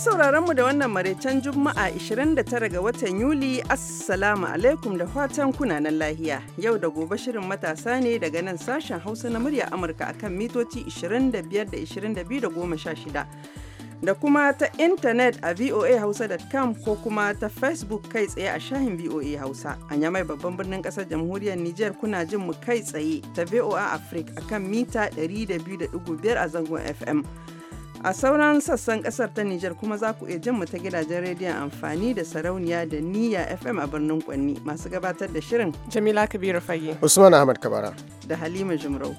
sauraron mu da wannan maraicen Juma'a 29 ga watan Yuli, Assalamu alaikum da fatan kuna nan lahiya. Yau da gobe shirin matasa ne daga nan sashen Hausa na murya Amurka akan mitoci 25 da 22 da 16. Da kuma ta intanet a voahausa.com ko kuma ta Facebook kai tsaye a shahin VOA Hausa. A yamai babban birnin kasar jamhuriyar Nijar kuna jin mu kai tsaye ta VOA Africa akan mita 102.5 a zangon FM. A sauran sassan kasar ta Nijar kuma za ku iya jin mu ta gidajen rediyon amfani da sarauniya da niyya FM a birnin Kwanni masu gabatar da shirin. Jamila Kabiru Fage. Usman Ahmad Kabara. Da Halima Jumrau.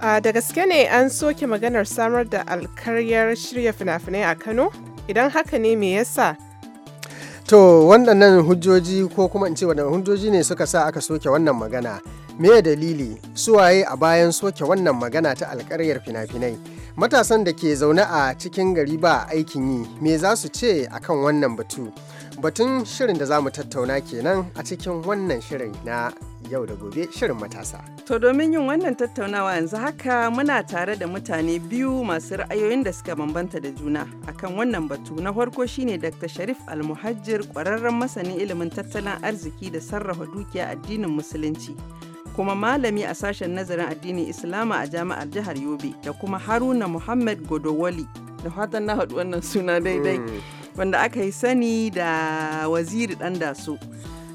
a da gaske ne an soke maganar samar da alkaryar shirya fina-finai a Kano? Idan haka ne me yasa To waɗannan hujjoji ko kuma in ce waɗannan hujjoji ne suka sa aka soke wannan magana. Me dalili suwaye a bayan soke wannan magana ta alƙaryar fina-finai. Matasan da ke zaune a cikin gari ba aikin yi, me za su ce akan wannan batu? Batun shirin da za mu tattauna kenan a cikin wannan shirin na yau da gobe shirin matasa. To domin yin wannan tattaunawa yanzu haka muna tare da mutane biyu masu ra'ayoyin da suka bambanta da juna akan wannan batu na farko shine Dr. Sharif Almuhajjir ƙwararren masanin ilimin tattalin arziki da sarrafa dukiya addinin musulunci. kuma malami a sashen nazarin addinin Islama a jami'ar jihar Yobe da kuma Haruna Muhammad Godowali da fatan na haɗu wannan suna daidai. Mm. wanda aka yi sani da waziri ɗan daso.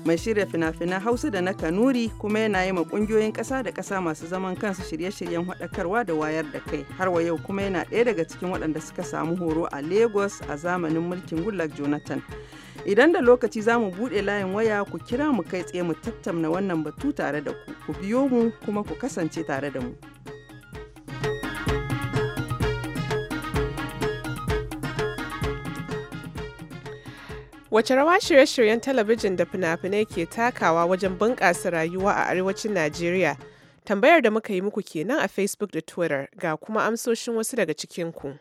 mai shirya fina-finan hausa da na kanuri kuma yana yi ma kungiyoyin ƙasa da ƙasa masu zaman kansu shirye-shiryen haɗakarwa da wayar da kai har wa yau kuma yana ɗaya daga cikin waɗanda suka samu horo a lagos a zamanin mulkin goodluck jonathan idan da lokaci za mu buɗe layin waya ku kira mu kai tsaye mu tattauna wannan batu tare da ku ku biyo mu kuma ku kasance tare da mu. Wace rawa shirye-shiryen talabijin da fina-finai ke takawa wajen bunƙasa rayuwa a arewacin Najeriya? Tambayar da muka yi muku kenan a Facebook da Twitter ga kuma amsoshin wasu daga cikinku.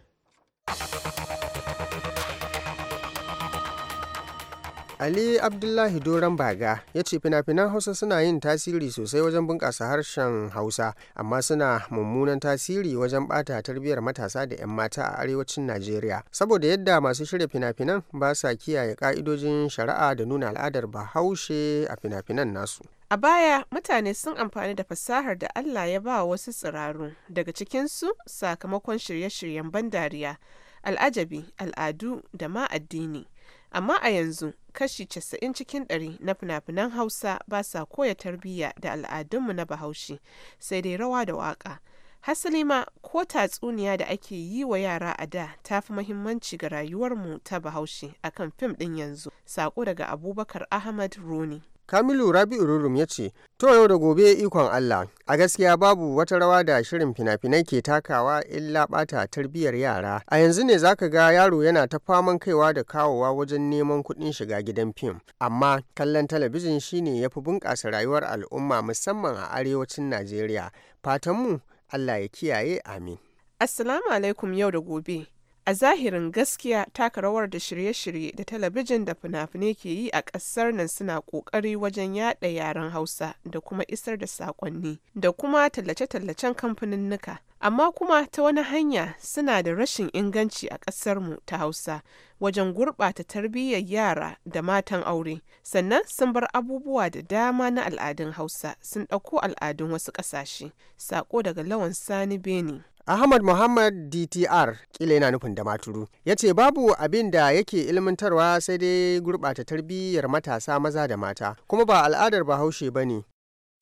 Ali Abdullahi doran Baga ya ce fina-finan Hausa suna yin tasiri sosai wajen bunƙasa harshen Hausa, amma suna mummunan tasiri wajen ɓata tarbiyyar matasa da 'yan mata a arewacin Najeriya. Saboda yadda masu shirya fina-finan ba sa kiyaye ka'idojin shari'a da nuna al'adar Bahaushe a fina-finan nasu. A baya, mutane sun amfani da fasahar da Allah ya ba wasu tsiraru, daga cikinsu sakamakon shirye-shiryen ban dariya, al'ajabi, al'adu da ma addini. Amma a yanzu kashi casa'in cikin ɗari na fina-finan Hausa ba sa koya tarbiyya da al'adunmu na Bahaushe sai dai rawa da waƙa. Hasali ma ko tatsuniya da ake yi wa yara a da ta fi muhimmanci ga rayuwarmu ta Bahaushe akan fim ɗin yanzu. Sako daga Abubakar Ahmad Roni. Kamilu Rabi'u Rurum ya ce, To yau da gobe ikon Allah, a gaskiya babu wata rawa da shirin fina-finai ke takawa illa ɓata tarbiyyar yara. A yanzu ne zaka ga yaro yana ta faman kaiwa da kawowa wajen neman kuɗin shiga gidan fim. Amma kallon talabijin shine ya fi bunƙasa rayuwar al'umma musamman a arewacin Najeriya. Fatanmu Allah ya kiyaye amin. Assalamu alaikum yau da gobe. a zahirin gaskiya taka rawar da shirye-shirye da talabijin da fina-finai ke yi a ƙasar nan suna ƙoƙari wajen yaɗa yaren hausa da kuma isar da saƙonni da kuma tallace-tallacen kamfanin nuka, amma kuma ta wani hanya suna da rashin inganci a ƙasarmu ta hausa wajen gurɓata tarbiyyar yara da matan aure sannan sun bar abubuwa da dama na al'adun hausa sun ɗauko al'adun wasu ƙasashe saƙo daga lawan sani beni Ahmad Muhammad DTR kila yana nufin da maturu ya ce babu abin da yake ilmantarwa sai dai gurɓata tarbiyyar matasa maza da mata kuma ba al'adar bahaushe ba ne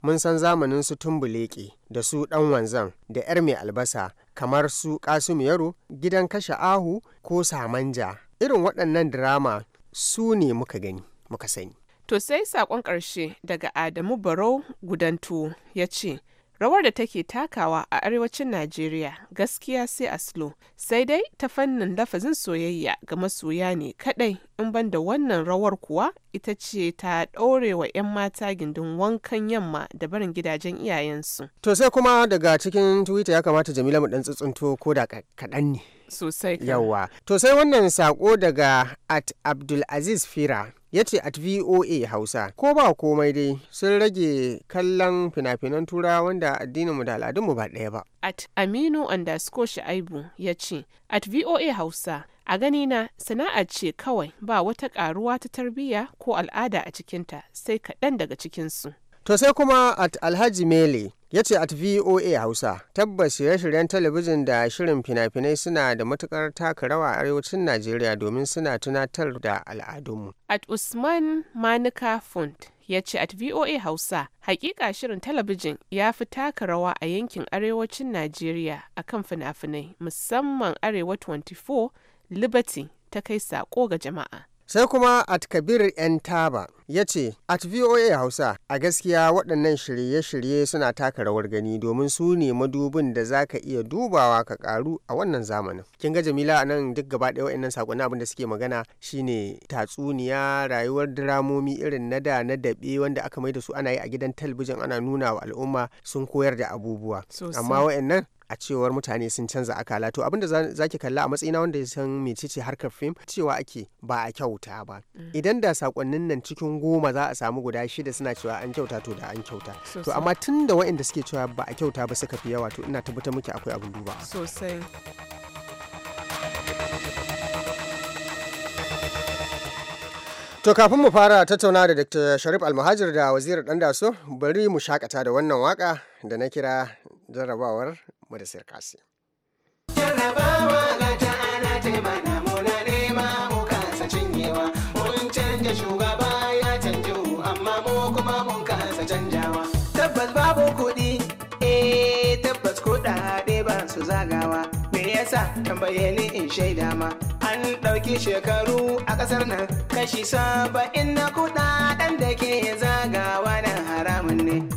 mun san zamanin su tumbuleke da su ɗan wanzan da 'yar mai albasa kamar su kasum yaro gidan kashe ahu ko samanja irin waɗannan drama su ne muka gani muka sani to sai saƙon ƙarshe daga adamu barau gudantu ya ce rawar da take takawa a arewacin najeriya gaskiya sai a slow sai dai ta fannin lafazin soyayya ga masoya ne kadai in ban da wannan rawar kuwa ita ce ta ɗorewa 'yan mata gindin wankan yamma da barin gidajen iyayensu to sai kuma daga cikin twitter ya kamata jamila mu dan tsuntsunto ko da kaɗan ne sosai yawa to sai wannan saƙo daga at abdulaziz fira ya ce at voa hausa ko ba komai dai sun rage kallon fina-finan tura wanda addininmu da al'adunmu ba ɗaya ba at aminu underscore sha'ibu ya ce at voa hausa a ganina sana'a ce kawai ba wata ƙaruwa ta tarbiyya ko al'ada a cikinta sai kaɗan daga cikinsu To sai kuma at Alhaji Mele ya ce at voa hausa tabbas shirye-shiryen talabijin da shirin fina-finai suna da matukar taka rawa a arewacin najeriya domin suna tunatar da al'adunmu at usman manuka fund ya ce at voa hausa hakika shirin talabijin ya fi taka rawa a yankin arewacin najeriya akan fina-finai musamman arewa 24 liberty ta kai sako ga jama'a sai kuma at kabir yan taba ya ce at voa hausa a gaskiya waɗannan shirye-shirye suna taka rawar gani domin su ne madubin da za ka iya dubawa ka karu a wannan zamanin kin ga jamila a nan duk gaba ɗaya wa'annan saƙonni abin da suke magana shine tatsuniya rayuwar diramomi irin na da na daɓe wanda aka mai da su ana yi a gidan talabijin ana nuna wa al'umma sun koyar da abubuwa amma wa'annan a cewar mutane sun canza akala to abinda za ki kalla a matsayina wanda ya san mecece harkar fim cewa ake ba a kyauta ba mm. idan da sakonnin nan cikin goma za a samu guda shida suna cewa an kyauta to da an kyauta to amma tun da waɗanda suke cewa ba a kyauta ba suka fi yawa to ina tabbatar muke akwai abin duba sosai To kafin mu fara tattauna da Dr. Sharif Almuhajir da wazirar ɗan daso bari mu shakata da wannan waka da na kira jarrabawar Mudassir Kasi. Jarrabawa ga ta ana taimaka muna nema mu kasa cinyewa mun canja shugaba ya canje amma mu kuma mun kasa canjawa. Tabbas babu kuɗi eh tabbas kuɗaɗe ba su zagawa me yasa tambaye ni in shaida ma an ɗauki shekaru a ƙasar nan kashi saba'in na kuɗaɗen da ke zagawa na haramun ne.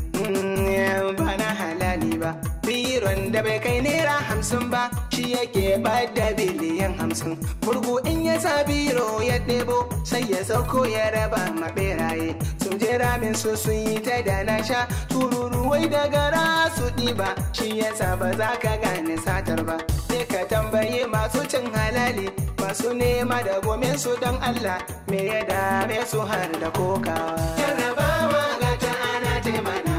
da bai kai naira hamsin ba shi yake bada biliyan hamsin burgu in ya sa biro ya ɗebo sai ya sauko ya raba ma beraye sun je ramin su sun yi ta da na sha tururuwai daga rasu ɗiba shi yasa ba za ka gane satar ba sai ka tambaye masu cin halali masu nema da gomen su don Allah me ya dame su har da kokawa. Jarrabawa ga ta ana taimaka.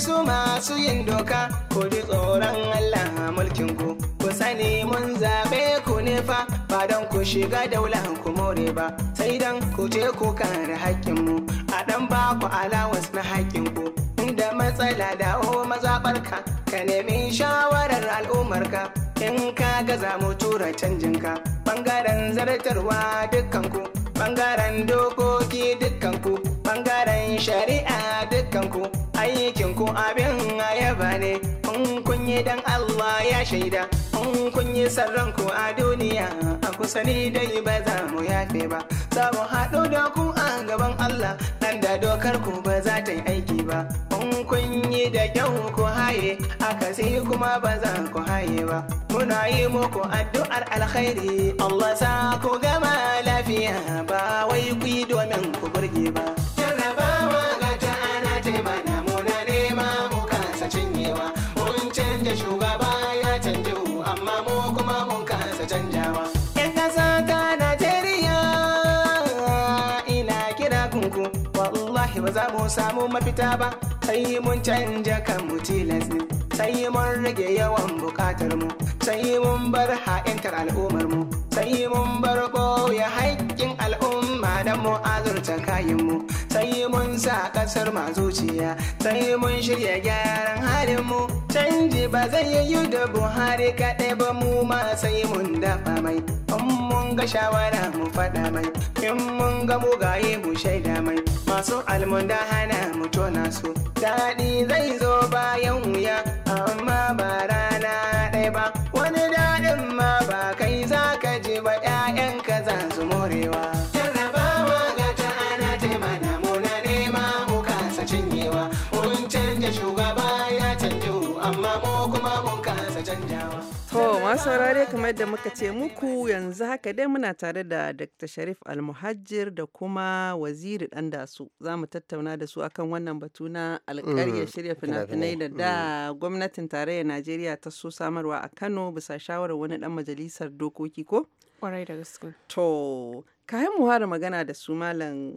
su masu yin doka ku ji tsoron Allah mulkin ku ku sani mun zaɓe ku ne fa ba don ku shiga daula ku more ba sai dan ku je ku kare hakkin mu a dan ba ku alawas na hakkin ku inda matsala da dawo mazabarka ka nemi shawarar al'ummarka in ka gaza mu tura canjin ka ɓangaren zartarwa dukkan ku bangaren dokoki dukkanku bangaren shari'a dukkanku aikinku abin ayaba ne in kun dan Allah ya shaida in kun yi sarranku a duniya a kusa ni dai ba za mu yafe ba za mu haɗu da ku a gaban Allah nan da dokar ku ba za ta yi aiki ba da kyau ku haye sai kuma ba za ku haye ba muna yi muku addu'ar alkhairi Allah sa ku gama lafiya ba wai ku yi domin ku burge ba mu samu mafita ba sai mun canja kan mu tilas ne sai mun rage yawan bukatar mu sai mun bar ha'intar al'ummar mu sai mun bar ɓoye haƙƙin al'umma da mu azurta kayan mu sai mun sa ƙasar ma zuciya sai mun shirya gyaran halin mu canji ba zai yi da buhari kaɗai ba mu ma sai mun dafa mai in mun ga shawara mu faɗa mai in mun ga mugaye mu shaida mai masu almunda hana mu tona su daɗi zai zo bayan wuya amma ba rana ɗaya ba kamar da muka ce muku yanzu haka dai muna tare da Dr. Sharif Almuhajir da kuma Waziri su Za mu tattauna da su akan wannan batu na mm, shirya fina-finai da da mm. gwamnatin tarayyar Najeriya ta so samarwa a Kano bisa shawarar wani ɗan majalisar dokoki ko? Kwarai da gaske. To, ka magana da su malam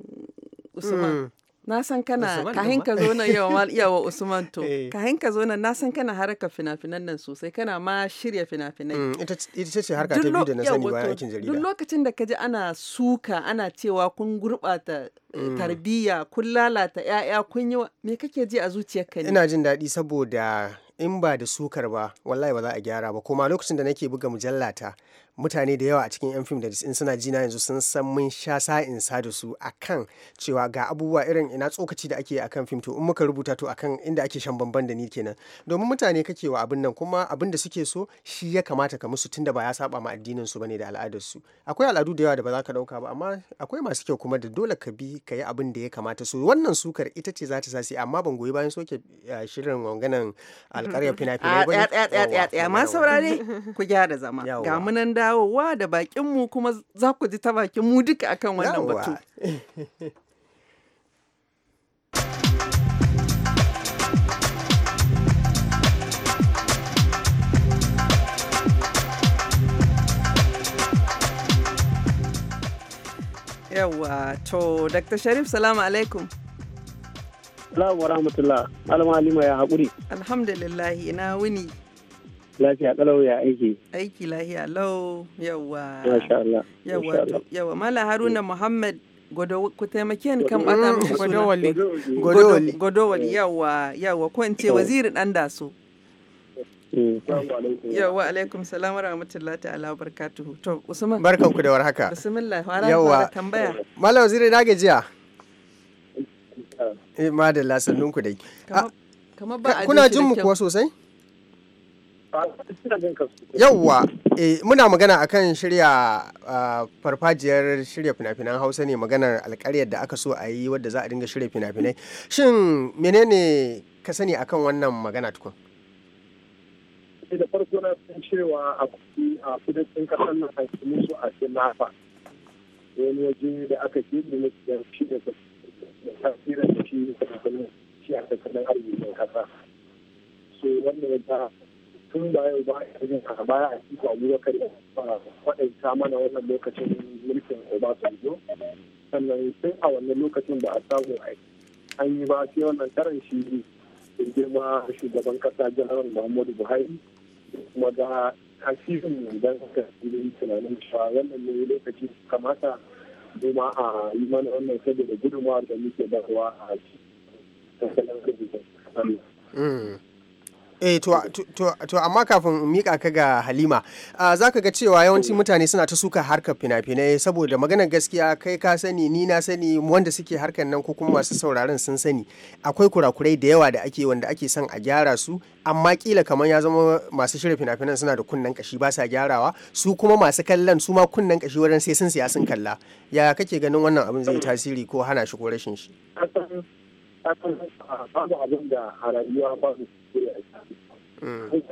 Usman. Mm. Na san kana kahin ka zo nan yawa mal iyawa Usman to. Eh. Kahin ka zo nan na san kana haraka fina-finan nan sosai kana ma shirya fina-finai. Mm, ita ce harka ta biyu da na sani bayan aikin jarida. Duk lokacin da kaje ana suka ana cewa kun gurɓata eh, mm. tarbiyya kun lalata 'ya'ya kun yi me kake ji a zuciyarka ne? Ina jin daɗi saboda in ba da sukar ba wallahi ba za a gyara ba kuma lokacin da nake buga mujallata mutane da yawa a cikin 'yan fim da in suna jina yanzu sun san mun sha sa'in sa da su a kan cewa ga abubuwa irin ina tsokaci da ake a kan fim to in muka rubuta to kan inda ake shan bamban da ni kenan domin mutane kake wa abin nan kuma abin da suke so shi ya kamata ka musu tunda ba ya saba ma addinin su bane da al'adar su akwai al'adu da yawa da ba za ka dauka ba amma akwai masu kyau kuma da dole ka bi ka yi abin da ya kamata su wannan sukar ita ce za ta sasi amma ban goyi bayan soke eh, shirin wanganan alƙaryar fina-finai ah, ba. Tsaya tsaya tsaya ma saurare ku gyara zama ga munan da dawowa da bakin mu kuma za ku ji ta bakin mu duka akan wannan batu. Yawwa to, Dr. Sharif, salamu alaikum. Salamu wa rahmatullah, Alama Halima ya haƙuri. Alhamdulillah, ina wuni. Lafiya kalau ya aiki. Aiki lafiya lau yawa. Masha Allah. Yawa yawa Mala Haruna Muhammad Godo ku taimake ni kan bata mu Wali. Godo Wali yawa yawa ko in ce eh. waziri dan daso. Eh. Yawwa alaikum salam wa rahmatullahi ta'ala wa barakatuhu. To Usman. Barkan ku da warhaka. Bismillah. Yawwa. Tambaya. Malam waziri na gajiya. Eh madalla eh, sannunku dai. Ah, kuna jin mu kuwa sosai? yauwa eh, muna magana akan shirya farfajiyar shirya fina-finan hausa ne maganar alkaryar da aka so a yi wadda za a dinga shirya fina-finai shin menene ka sani akan wannan magana tukun eh, da farko na san cewa a kudi a kudancin kasar nan a su a sinafa wani waje da aka ke da na cikin shi da tasirin shi da shi a tattalin arzikin kasa so wannan ya tun da yau ba a yi a baya a cikin abubakar kwaɗanta mana wannan lokacin mulkin obasanjo sannan sai a wannan lokacin ba a samu an yi ba sai wannan karan shi girma shugaban kasa janar muhammadu buhari kuma ga tasirin don haka yi tunanin cewa wannan ne lokaci kamata kuma a yi mana wannan saboda gudunmawar da muke barwa a cikin tattalin Eh to amma kafin mika ka ga Halima za ka ga cewa yawancin mutane suna ta suka harkar fina-finai saboda maganar gaskiya kai ka sani ni na sani wanda suke harkar nan ko kuma masu sauraron sun sani akwai kurakurai da yawa da ake wanda ake son a gyara su amma kila kamar ya zama masu shirya fina-finan suna da kunnen kashi ba sa gyarawa su kuma masu kallon su ma kunnen kashi wurin sai sun siya sun kalla ya kake ganin wannan abin zai tasiri ko hana shi ko rashin shi. a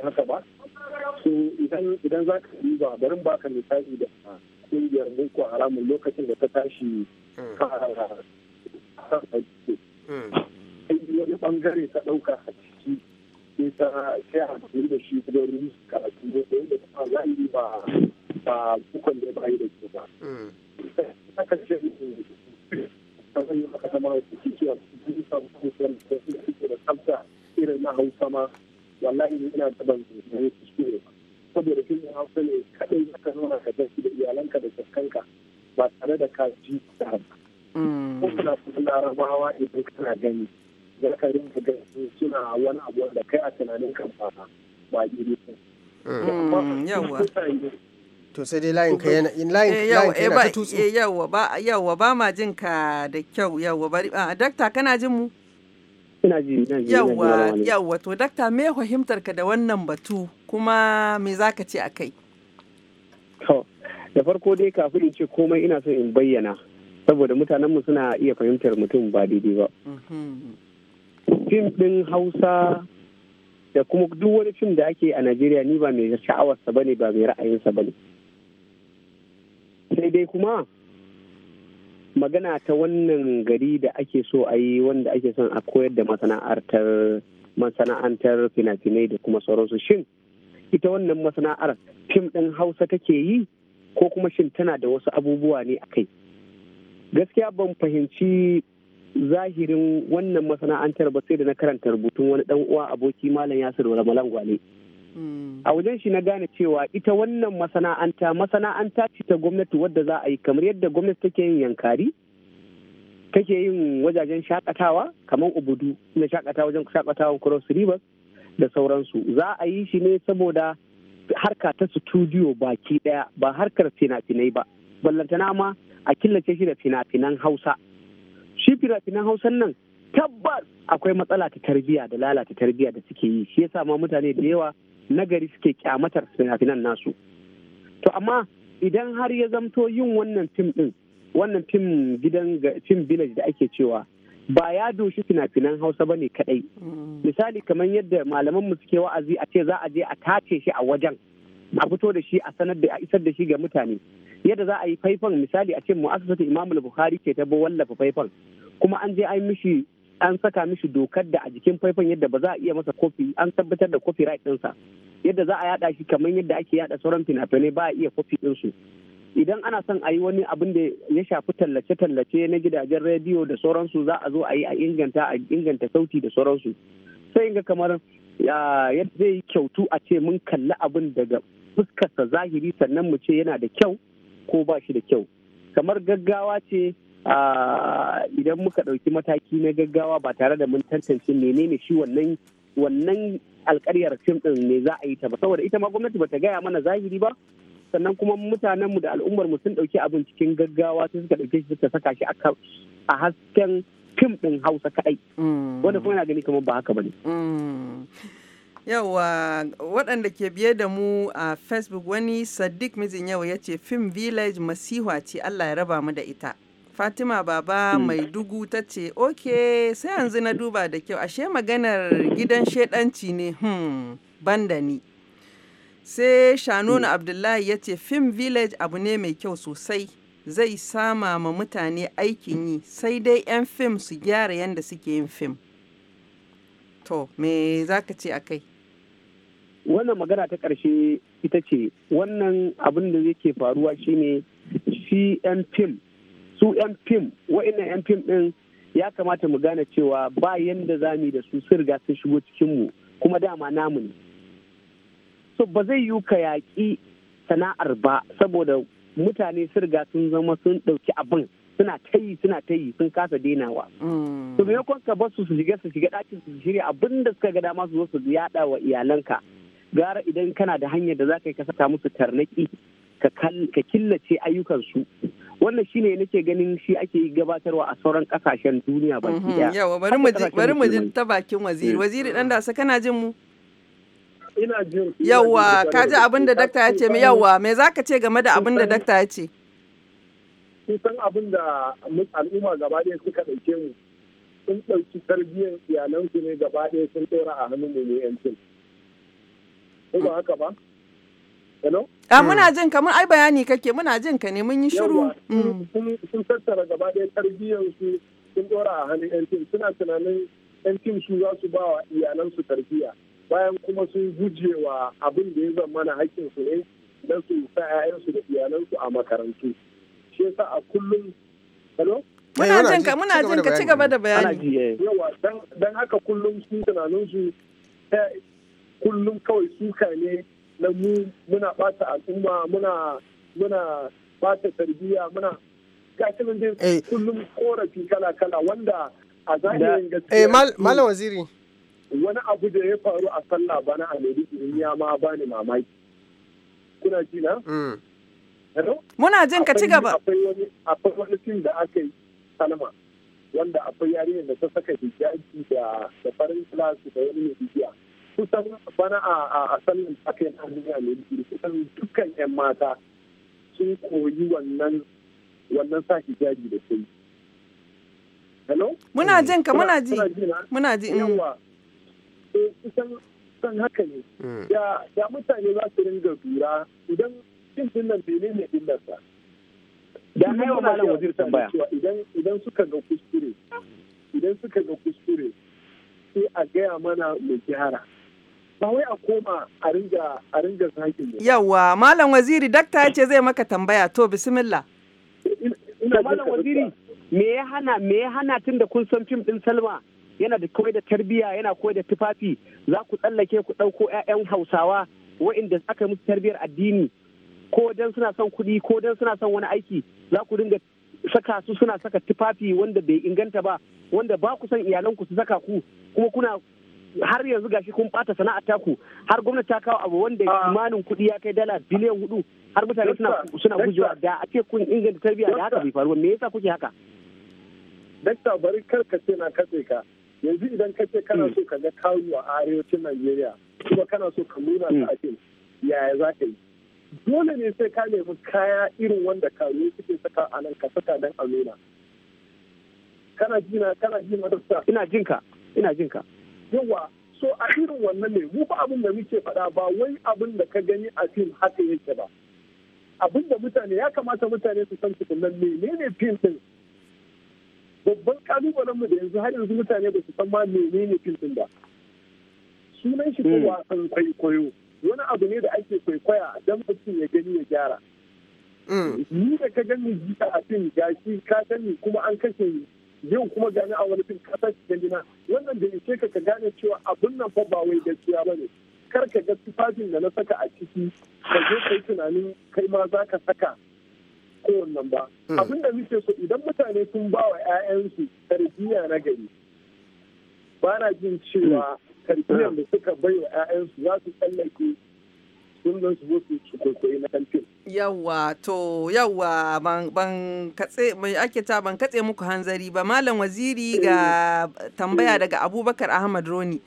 haka ba idan za ka yi ba barin baka misali da kungiyar boko haramun lokacin da ta tashi wani bangare ta ɗauka a ciki sai ta sai a cikin da shi kuma rumus karatu da yadda kuma za yi ba ba kukan da yi da ke ba. yana ba saboda fim ɗin hausa ne kaɗai zaka nuna ka tafi da iyalanka da kaskanka ba tare da ka ji ba. Mm. Ko kuna kuma larabawa idan kana gani za ka rinka suna wani abu kai a tunanin kan ba ba iri mm, Yawwa. To sai dai layin ka yana layin ka eh, eh, eh, ba ma jin ka da kyau yawwa bari. Ah, dakta kana jin mu? yawwa ji to dakta me fahimtar ka da wannan batu kuma me zaka ce a kai da farko dai kafin in ce komai ina so in bayyana saboda mutanenmu suna iya fahimtar mutum ba daidai ba mhm. fim ɗin hausa da kuma duk wani fim da ake a najeriya ni ba mai sha'awarsa ba ne ba mai ra'ayinsa ba ne. sai dai kuma magana ta wannan gari da ake so a yi wanda ake son a koyar da masana'antar masana'antar fina-finai da kuma sauransu shin ita wannan masana'ar fim ɗin hausa take yi ko kuma shin tana da wasu abubuwa ne a kai gaskiya ban fahimci zahirin wannan masana'antar ba sai da na karanta rubutun wani dan uwa aboki malam yasir malam gwale a wajen shi na gane cewa ita wannan masana'anta masana'anta ce ta gwamnati wadda za a yi kamar yadda gwamnati take yin yankari take yin wajajen shakatawa kamar ubudu na shakatawa wajen shakatawa cross rivers da sauransu za a yi shi ne saboda harka ta studio baki daya ba harkar fina-finai ba ballantana ma a killace shi da fina-finan hausa shi fina-finan hausan nan tabbas akwai matsala ta tarbiyya da lalata tarbiyya da suke yi shi yasa ma mutane da yawa nagari suke kyamatar fina-finan nasu to amma idan har ya zamto yin wannan fim ɗin wannan fim gidan fim village da ake cewa ba ya doshi fina-finan hausa ba ne kaɗai mm. misali kamar yadda malaman mu suke wa'azi a ce za a je a tace shi a wajen a fito da shi a sanar da a isar da shi ga mutane yadda za a yi faifan misali a ce mu'asasatu imamul bukhari ke ta wallafa faifan kuma an je an mishi an saka mishi dokar da a jikin faifan yadda ba za a iya masa kofi an tabbatar da din ɗinsa yadda za a yada shi kamar yadda ake yada sauran fina-finai ba a iya kofi ɗinsu idan ana son a yi wani abin da ya shafi tallace-tallace na gidajen rediyo da sauransu za a zo a yi a inganta a inganta sauti da sauransu sai ga kamar yadda zai kyautu a ce mun kalli abin daga fuskarsa zahiri sannan mu ce yana da kyau ko ba shi da kyau kamar gaggawa ce idan muka ɗauki mataki na gaggawa ba tare da mun tantance menene shi wannan wannan alƙaryar fim ɗin ne za a yi ta ba saboda ita ma gwamnati bata gaya mana zahiri ba sannan kuma mutanenmu da al'ummar mu sun ɗauki abin cikin gaggawa sai suka ɗauke shi suka saka shi a hasken fim ɗin hausa kaɗai mm. wanda kuma yana gani kamar ba haka ba ne. Mm. yawa waɗanda ke biye da mu a facebook wani sadiq mijin yawa ya ce fim village masiwa ce allah ya raba mu da ita Fatima Baba hmm. mai dugu ta ce, "Oke, sai yanzu na duba da kyau, ashe maganar gidan shaidanci ne, hmm, banda ni." Sai shanuna hmm. Abdullahi ya ce, "Film Village abu ne mai kyau sosai, zai sama ma mutane aikin yi, sai dai 'yan fim su gyara yadda suke yin fim." To, me za ka ce a kai? Wannan magana ta ƙarshe ita ce, wannan abin da yake faruwa shine shi 'yan fim su yan fim wa'annan yan fim din ya kamata mu gane cewa ba yanda za mu da su sun riga sun shigo cikinmu mu kuma dama namu ne so ba zai yiwu ka yaƙi sana'ar ba saboda mutane sun riga sun zama sun ɗauki abin suna ta suna ta sun kasa denawa. Mm. To yakon ka basu su shiga su shiga ɗakin su shirya abin da suka ga dama su zo su yaɗa wa iyalanka. Gara idan kana da hanyar da za ka yi ka saka musu tarnaki ka killace ayyukansu wannan shi ne nake ganin shi ake gabatarwa a sauran kasashen duniya ba. Mhm. yawa bari mu ji ta bakin waziri eh. waziri dan dasa kana jin mu ina jin yawa ka ji abin da dakta ya ce yawa me zaka ce game da abin da dakta ya ce san abin da al'umma gaba ɗaya suka ɗauke mu sun ɗauki tarbiyyar iyalansu ne gaba ɗaya sun ɗora a hannun mu ne yancin. Ko ba haka ba? Hello? A ah, hmm. muna jin ka mun ai bayani kake muna jin ka ne mun yi shiru. Hmm. Sun tattara gaba ɗaya tarbiyyar su sun dora a hannun yan tim suna tunanin yan tim su za su ba wa su tarbiyya bayan kuma sun guje wa abin da ya zama mana hakkin su ne na su sa 'ya'yansu da iyalansu a makarantu. Shi yasa a kullum. Hello? muna eh, jin ka muna jin ka ci gaba da bayani yawa eh. dan haka kullum sun tunanin su eh, kullum kawai suka ne na mu muna bata al'umma muna muna bata tarbiyya muna gashi mun dai eh. kullum korafi kala kala wanda a zahirin gaskiya eh malam waziri wani abu da ya faru a sallah bana a Maiduguri ya ma bani mamaki kuna ji na mm. muna jin ka ci gaba akwai wani akwai wani fim da aka yi salma wanda akwai yarinyar da ta saka hijabi da da farin class da wani mai kusan bana a sallan sakai na duniya ne kusan dukkan 'yan mata sun koyi wannan wannan sa hijabi da sai hello muna jin ka muna ji muna ji mm. yawa kusan san haka ne ya mm. mutane za su ringa dura idan cin nan bene ne illarsa da na yau malam wazir tambaya idan idan suka ga kuskure idan suka ga kuskure sai a gaya mana mu gyara ba wai a koma a ringa a ringa ne yawa malam waziri dakta ya ce zai maka tambaya to bismillah ina malam waziri me ya hana me ya hana tunda kun san fim din Salma yana da da tarbiyya yana koyar da tufafi za ku tsallake ku ɗauko 'ya'yan Hausawa waɗanda aka musu tarbiyar addini ko dan suna son kuɗi ko dan suna son wani aiki za ku dinga saka su suna saka tufafi wanda bai inganta ba wanda ba ku son iyalanku su saka ku kuma kuna har yanzu gashi kun bata sana'a taku har gwamnati ta kawo abu wanda ah. kimanin kuɗi ya kai dala biliyan hudu har mutane suna suna gujewa da a ce kun inganta tarbiyya da haka bai faru me yasa kuke haka dakta bari kar ka ce na katse ka yanzu idan ka ce kana hmm. so ka ga kawo a arewacin Najeriya kuma kana so ka nuna ta hmm. ake yaya za ka yi dole ne sai ka nemi kaya irin wanda kawo suke saka a nan ka saka dan a nuna kana jina kana jina ina jinka ina jinka yawa so a irin wannan ne mu ba abin da muke faɗa ba wai abin da ka gani a fim haka yake ba abin da mutane ya kamata mutane su san tukunan menene fim din babban kalubalen mu da yanzu har yanzu mutane ba su san ma menene fim din ba sunan shi hmm. wasan kwaikwayo wani abu ne da ake kwaikwaya don mutum ya gani ya gyara hmm. ni da ka gani a fim gashi ka gani kuma an kashe yau kuma gani a wani fin kasar gandina wannan da ishe ka ka gane cewa abun nan fa ba wai gaskiya ba ne kar ka ga tufafin da na saka a ciki ka je kai tunanin kai ma za ka saka kowannan ba hmm. abin da muke so idan mutane sun ba wa 'ya'yansu tarbiyya na gari ba na jin cewa hmm. Hmm. tarbiyyar da suka bai wa 'ya'yansu za su tsallake sun Yawwa to yawwa ban katse mai ake ta ban katse muku hanzari ba malam waziri eh. ga tambaya eh. daga Abubakar Ahmad Roni.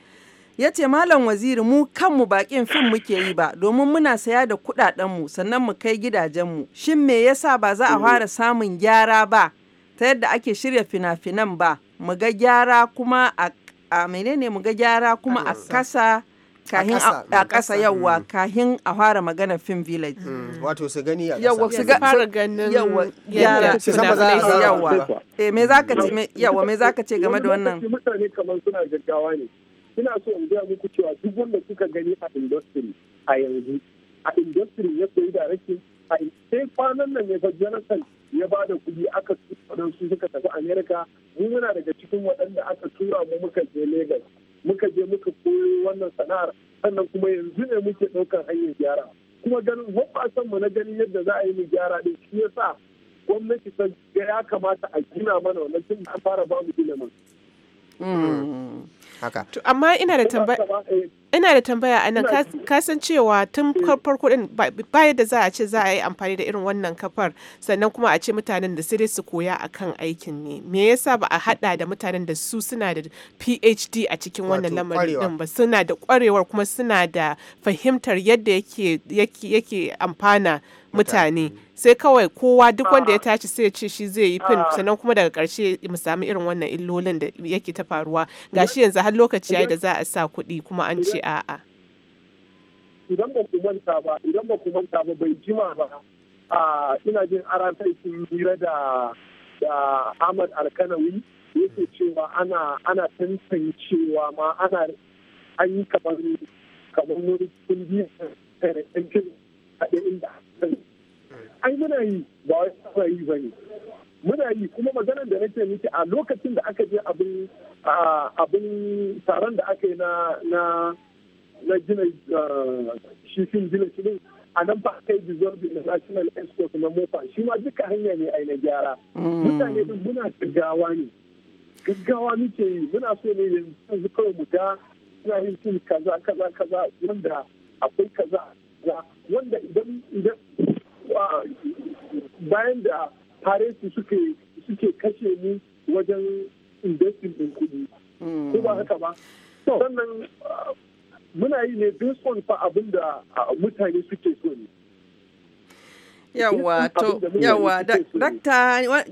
ya ce malam waziri mu kanmu bakin fim muke yi ba domin muna saya da kudadenmu sannan mu kai gidajenmu shin me yasa ba za a eh. fara samun gyara ba ta yadda ake shirya fina-finan ba mu ga gyara kuma a menene mu ga gyara kuma a kasa kahin a ƙasa yawa mm. kahin a fara magana film village mm. Mm. wato su gani a yawa fara ganin yawwa yara su san ba za a yawa eh me zaka ce me yawa me zaka ce game da wannan mutane kamar suna gaggawa ne ina so in ga muku cewa duk wanda kuka gani a industry a yanzu a industry ya koyi rake a sai kwanan nan ne fa Jonathan ya ba da kuɗi aka su suka tafi America mu muna daga cikin waɗanda aka tura mu muka je legas. muka je muka koyo wannan sana'ar sannan kuma yanzu ne muke ɗaukar hanyar gyara kuma ganin hoɓasan mu na ganin yadda za a yi mu gyara din shi yasa gwamnati ta ya kamata a gina mana wannan tun an fara ba mu mana. haka amma ina da tambaya ina da tambaya a nan san cewa tun mm. farko din bayan da za a ce za a yi amfani da irin wannan kafar sannan kuma a ce mutanen da sai su koya akan aikin ne me yasa ba a hada da mutanen da su suna da PhD a cikin wannan lamarin din ba suna da kwarewar kuma suna da fahimtar yadda yake yake amfana mutane sai kawai kowa duk wanda ya ah. tashi sai ce shi zai yi fin ah. sannan kuma daga karshe mu samu irin wannan illolin da yake ta faruwa gashi yanzu har lokaci yayi da za a sa kuɗi kuma an ce a'a idan ba manta ba bai jima ba a ah, ina jin aratai sun hira da da Ahmad Alkanawi yake cewa ana ana tantancewa ma ana an yi kamar kamar wani kungiyar faɗi inda ai muna yi ba wai kuma yi ba ne muna yi kuma maganar da nake miki a lokacin da aka je abin abin taron da aka yi na na na gina shifin gina shirin a nan ba yi dissolve na national escort na mofa shi ma duka hanya ne ai na gyara mm. mutane din muna gaggawa ne gaggawa muke yi muna so ne yanzu kawai mu ga suna yin kaza kaza kaza wanda akwai kaza guda wanda idan idan bayan da faransu suke suke kashe ni wajen investing din kudi ko ba haka ba hmm. sannan muna yi ne based on fa abin da mutane suke so ne yawa to yawa dakta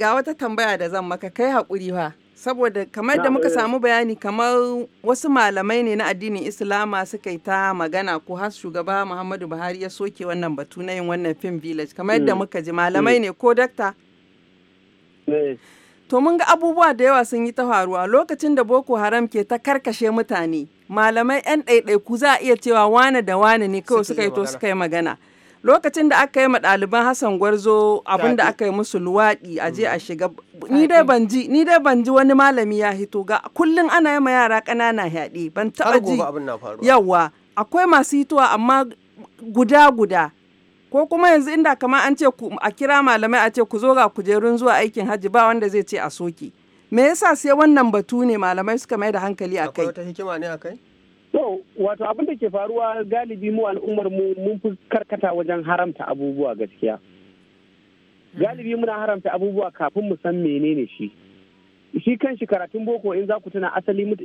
ga wata tambaya da zan maka kai haƙuri fa saboda kamar da muka samu bayani kamar wasu malamai ne na addinin islama suka yi ta magana ko har shugaba muhammadu buhari ya soke wannan batu na yin wannan film village kamar yadda mm. muka ji malamai mm. ne ko dakta eh. to mun ga abubuwa da yawa sun yi ta faruwa lokacin da boko haram ke ta karkashe mutane malamai yan ɗaiɗaiku za a iya cewa wane da wane ne kawai suka yi to suka yi magana lokacin da aka yi ma ɗaliban Hassan Gwarzo abin da aka yi musu luwaɗi a je a mm. shiga ni dai ban ji ni dai ban ji wani malami ya hito ga kullun ana yi ma yara ƙanana yaɗe ban taɓa ji yawa akwai masu hitowa amma guda guda ko kuma yanzu inda kama an ce a kira malamai a ce ku zo ga kujerun zuwa aikin hajji ba wanda zai ce a soke me yasa sai wannan batu ne malamai suka mai da hankali a kai a kai So, wato abin da ke faruwa galibi mu al'ummar mu mun fi karkata wajen haramta abubuwa gaskiya. Galibi muna haramta abubuwa kafin mu san menene shi. Shi kan shi karatun boko in za ku tuna asali mutu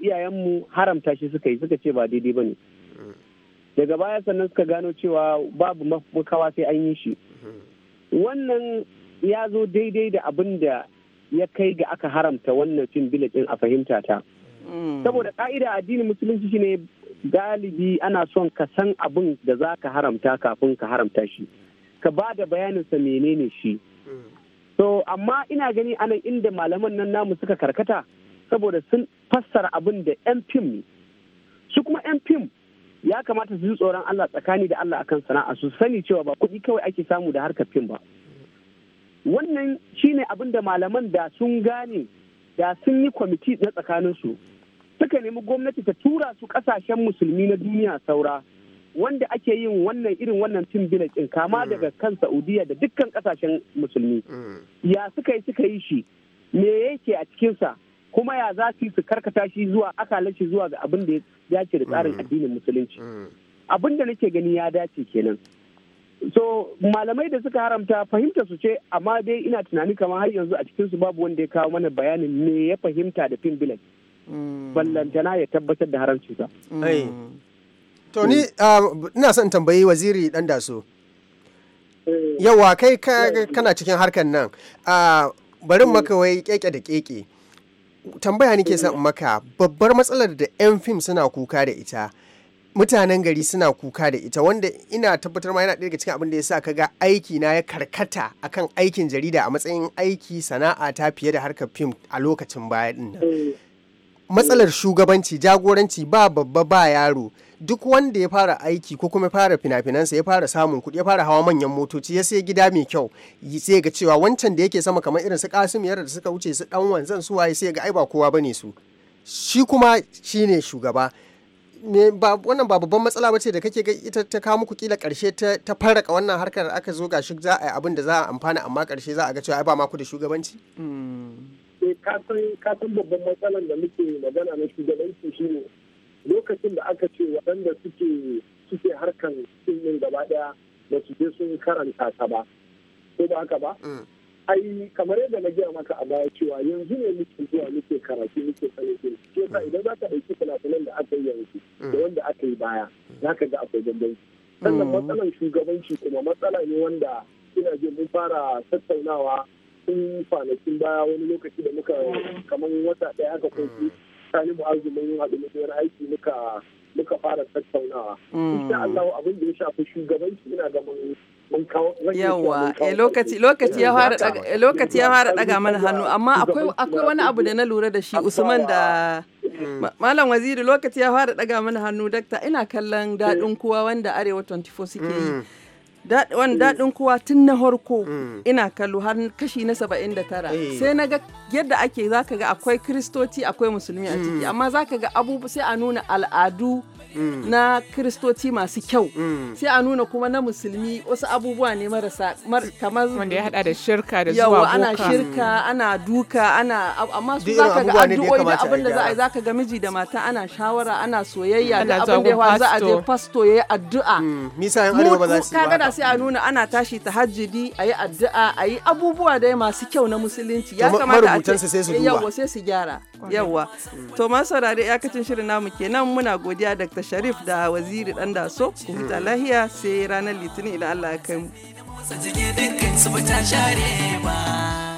iyayenmu haramta shi suka yi suka ce ba daidai ba ne. Daga baya sannan suka gano cewa babu makawa sai an yi shi. Wannan ya zo daidai da abin da ya kai ga aka haramta wannan cin bilet a fahimta ta. saboda ka'ida addinin musulunci shine galibi ana son ka san abin da za ka haramta kafin ka haramta shi ka ba da bayaninsa menene shi so amma ina gani anan inda malaman nan namu suka karkata saboda sun fassara abin da yan fim ne. su kuma yan fim ya kamata su ji tsoron Allah tsakani da Allah akan sana'a su sani cewa ba kuɗi kawai ake samu da harkar fim ba wannan shine abin da malaman da sun gane da sun yi kwamiti na tsakaninsu suka nemi gwamnati ta tura su kasashen musulmi na duniya saura wanda ake yin wannan irin wannan fim bila in kama hmm. daga kan saudiya da dukkan kasashen musulmi hmm. ya suka yi suka yi shi me yake a cikinsa kuma ya za su su karkata shi zuwa akalar shi zuwa ga abin da ya ce da tsarin hmm. addinin musulunci abin da nake gani ya dace kenan so malamai da suka haramta fahimta su ce amma dai ina tunani kamar har yanzu a cikinsu babu wanda ya kawo mana bayanin me ya fahimta da fim bilan ballantana ya tabbatar da haramcinsa. Mm. To ni ah, ina son tambayi waziri dan so. Eh. Yawa kai eh. kana cikin harkan nan. Ah, barin maka mm. wai keke da keke. Tambaya ke son mm. maka babbar matsalar da 'yan fim suna kuka da ita. mutanen gari suna kuka da ita wanda ina tabbatar ma yana daga cikin abin da ya sa kaga aiki na ya karkata akan aikin jarida a matsayin aiki sana'a ta fiye da harkar fim a lokacin baya nan eh. matsalar shugabanci jagoranci ba babba ba yaro duk wanda ya fara aiki ko kuma ya fara fina-finansa ya fara samun kuɗi ya fara hawa manyan motoci ya sai gida mai kyau sai ga cewa wancan da yake sama kamar irin su kasim yara da suka wuce su dan wanzan su waye sai ga ai ba kowa bane su shi kuma shine shugaba me ba wannan ba babban matsala bace da kake ga ita ta kawo muku kila karshe ta ta farraka wannan harkar aka zo ga shi za a yi abin da za a amfana amma karshe za a ga cewa ai ba ma ku da shugabanci hmm. ce ka san babban matsalar da muke magana na shugabanci shine lokacin da aka ce waɗanda suke suke harkan cikin gaba ɗaya ba su je sun karanta ta ba ko ba haka ba mm. ai kamar yadda na gaya maka a baya cewa yanzu ne muke zuwa muke karatu muke sanin ke sa mm. idan za ka ɗauki fina da aka yi yanzu mm. da wanda aka yi baya za ka ga akwai bambanci sannan matsalar shugabanci kuma matsala ne wanda ina je mun fara tattaunawa tun kwanakin baya wani lokaci da muka kamar wata ɗaya aka kwanci sani mu'azu mun haɗu mutum aiki muka muka fara tattaunawa. Mm. Insha Allah abin da ya shafi shugabanci ina ga mun yawa eh, lokaci lokaci ya fara lokaci ya fara daga mana hannu amma akwai akwai wani abu da na lura da shi Usman da mm. Malam Waziri lokaci ya fara daga mana hannu dakta ina kallon daɗin eh. kowa wanda Arewa 24 suke yi. Mm. daɗin mm. kowa tun na harko mm. ina kallo har kashi na 79 eh. sai na ga yadda ake za ka ga akwai kiristoci akwai musulmi a ciki mm. amma za ka ga abubu sai a nuna al'adu Mm. na kiristoci masu kyau mm. sai a nuna kuma na musulmi wasu abubuwa ne marasa kamar wanda ya hada da shirka da zuwa boka ana shirka mm. ana duka ana amma su zaka ga addu'o'i da abin da za a yi zaka ga miji da mata ana shawara ana soyayya da abin da za a je pasto yayi addu'a misa yan arewa ba za su yi kaga da sai a nuna ana tashi tahajjudi ayi addu'a ayi abubuwa da masu kyau na musulunci ya kamata a ce yawa sai su gyara yawa to ma ya kacin shirin namu kenan muna godiya da sharif da waziri dan so ku huta lahiya sai ranar litinin idan allah ya kai mu.